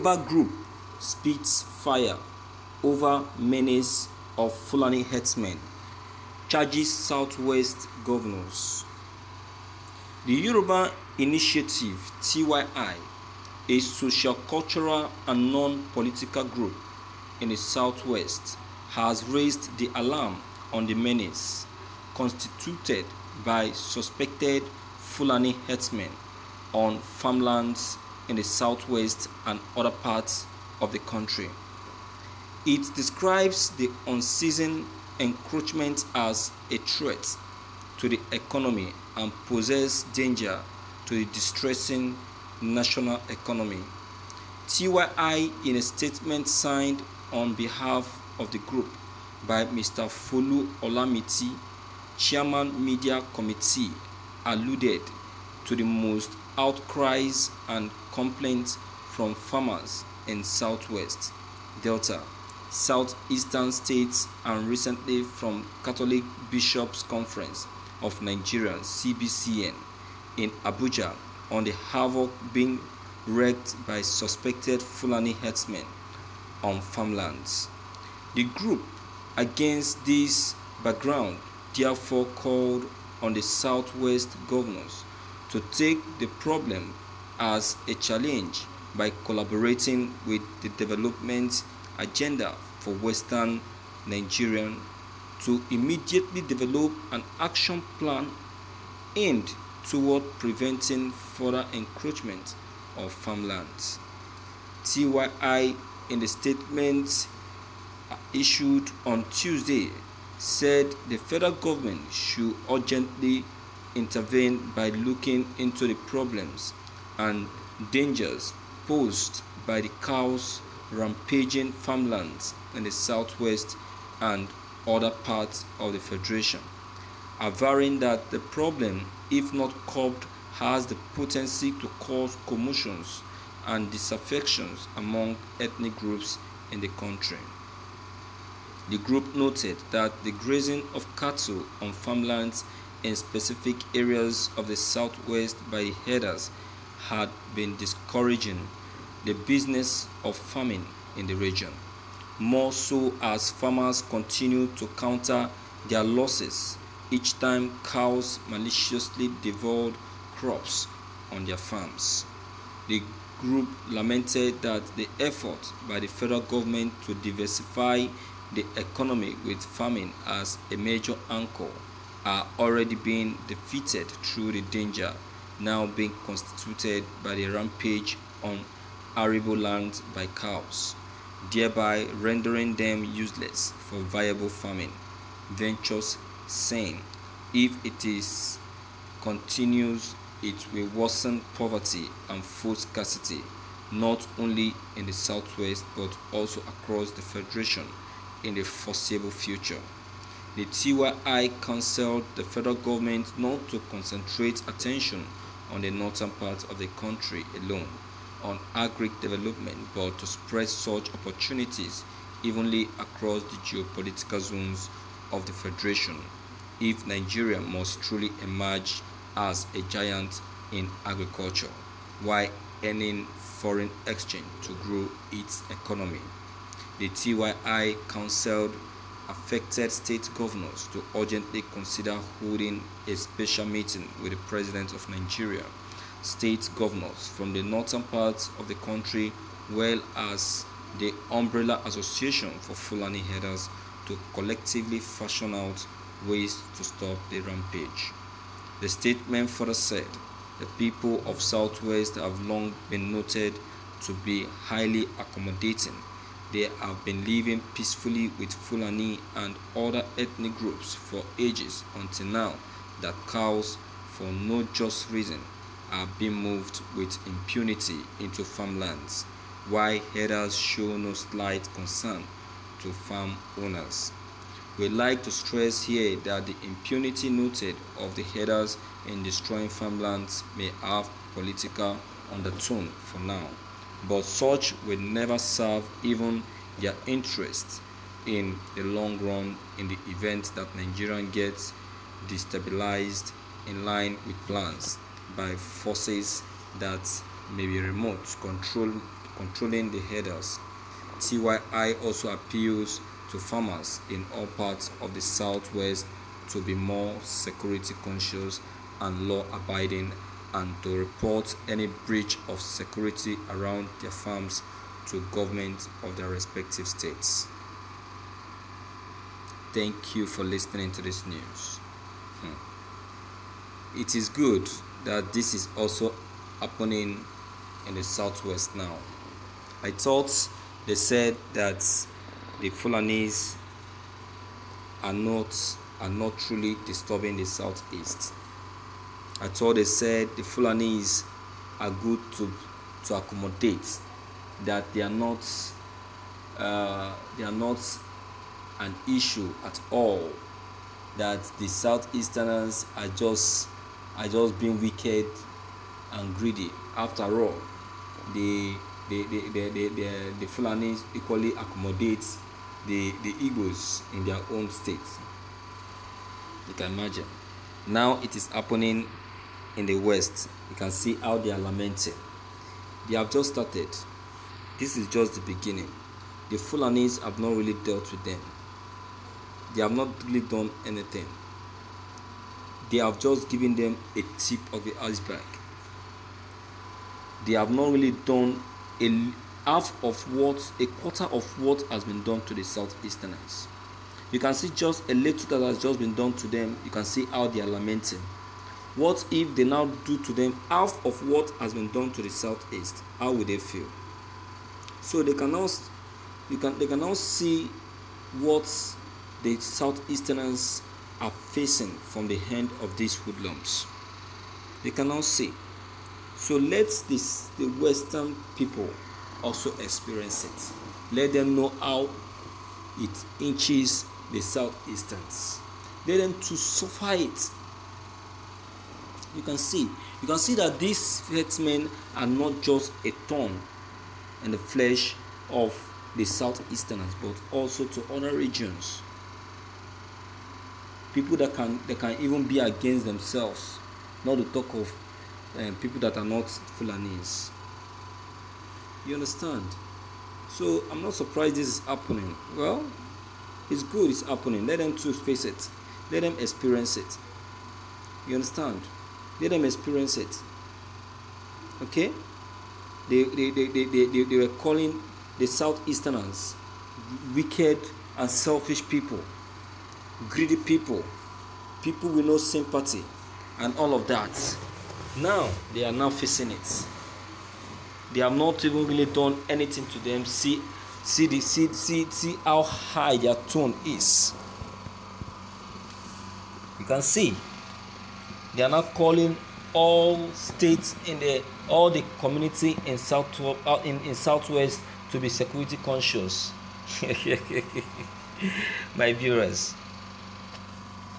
Yoruba group spits fire over menace of Fulani herdsmen, charges southwest governors. The Yoruba Initiative TYI, a social, cultural, and non political group in the southwest, has raised the alarm on the menace constituted by suspected Fulani herdsmen on farmlands in the southwest and other parts of the country. It describes the unceasing encroachment as a threat to the economy and poses danger to the distressing national economy. TYI, in a statement signed on behalf of the group by Mr. Folu Olamiti, Chairman Media Committee, alluded to the most outcries and complaints from farmers in southwest delta southeastern states and recently from catholic bishops conference of nigeria cbcn in abuja on the havoc being wreaked by suspected fulani herdsmen on farmlands the group against this background therefore called on the southwest governors to take the problem as a challenge by collaborating with the development agenda for Western Nigeria to immediately develop an action plan aimed toward preventing further encroachment of farmlands. TYI, in the statement issued on Tuesday, said the federal government should urgently intervene by looking into the problems and dangers posed by the cows rampaging farmlands in the southwest and other parts of the Federation, averring that the problem, if not curbed, has the potency to cause commotions and disaffections among ethnic groups in the country. The group noted that the grazing of cattle on farmlands in specific areas of the southwest by herders had been discouraging the business of farming in the region, more so as farmers continued to counter their losses each time cows maliciously devoured crops on their farms. The group lamented that the effort by the federal government to diversify the economy with farming as a major anchor are already being defeated through the danger now being constituted by the rampage on arable lands by cows, thereby rendering them useless for viable farming, ventures saying, if it is continues, it will worsen poverty and food scarcity, not only in the southwest but also across the federation in the foreseeable future. The TYI counseled the federal government not to concentrate attention on the northern part of the country alone on agri development but to spread such opportunities evenly across the geopolitical zones of the Federation if Nigeria must truly emerge as a giant in agriculture while earning foreign exchange to grow its economy. The TYI counseled affected state governors to urgently consider holding a special meeting with the President of Nigeria, state governors from the northern parts of the country, well as the Umbrella Association for Fulani Headers to collectively fashion out ways to stop the rampage. The statement further said, the people of Southwest have long been noted to be highly accommodating they have been living peacefully with Fulani and other ethnic groups for ages until now that cows, for no just reason, are being moved with impunity into farmlands, Why herders show no slight concern to farm owners. We like to stress here that the impunity noted of the herders in destroying farmlands may have political undertone for now but such will never serve even their interests in the long run in the event that Nigeria gets destabilized in line with plans by forces that may be remote control controlling the headers. TYI also appeals to farmers in all parts of the southwest to be more security conscious and law abiding and to report any breach of security around their farms to government of their respective states. Thank you for listening to this news. Hmm. It is good that this is also happening in the southwest now. I thought they said that the Fulanis are not are not truly disturbing the southeast. I thought they said the Fulanese are good to to accommodate that they are not uh, they are not an issue at all that the southeasterners are just are just being wicked and greedy after all the the the the the, the, the fulani equally accommodate the the igbos in their own states. you can imagine now it is happening in the west. You can see how they are lamenting. They have just started. This is just the beginning. The Fulanis have not really dealt with them. They have not really done anything. They have just given them a tip of the iceberg. They have not really done a half of what, a quarter of what has been done to the Southeasterners. You can see just a little that has just been done to them. You can see how they are lamenting. What if they now do to them half of what has been done to the southeast? How would they feel? So they can now, you can, they can now see what the southeasterners are facing from the hand of these hoodlums. They can now see. So let this, the Western people also experience it. Let them know how it inches the southeasterns. Let them to suffer it you can see you can see that these herdsmen are not just a thorn in the flesh of the southeasterners but also to other regions people that can that can even be against themselves not to talk of um, people that are not Fulanese you understand so i'm not surprised this is happening well it's good it's happening let them to face it let them experience it you understand let them experience it. Okay? They, they, they, they, they, they were calling the Southeasterners wicked and selfish people, greedy people, people with no sympathy, and all of that. Now they are now facing it. They have not even really done anything to them. See, see the see see see how high their tone is. You can see they are now calling all states in the all the community in south uh, in, in southwest to be security conscious. My viewers,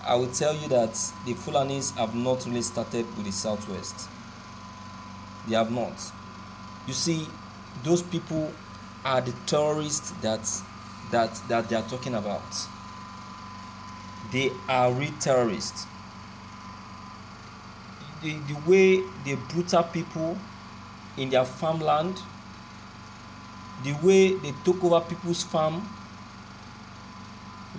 I will tell you that the Fulanis have not really started with the southwest. They have not. You see, those people are the terrorists that that that they are talking about. They are real terrorists. the, the way they brutal people in their farmland, the way they took over people's farm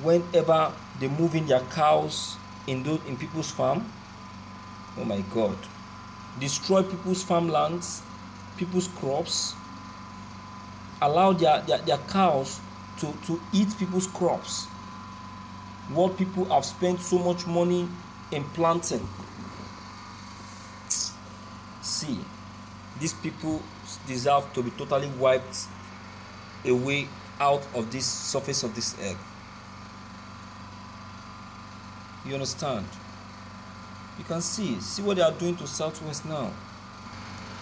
whenever they move in their cows in those in people's farm. Oh my god. Destroy people's farmlands, people's crops, allow their, their, their cows to, to eat people's crops. What people have spent so much money in planting see these people deserve to be totally wiped away out of this surface of this earth you understand you can see see what they are doing to southwest now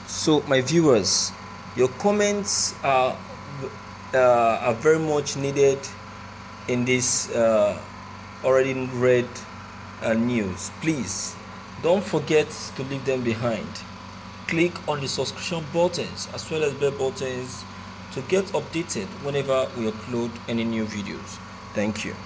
so my viewers your comments are uh, are very much needed in this uh, already read uh, news please don't forget to leave them behind click on the subscription buttons as well as bell buttons to get updated whenever we upload any new videos. Thank you.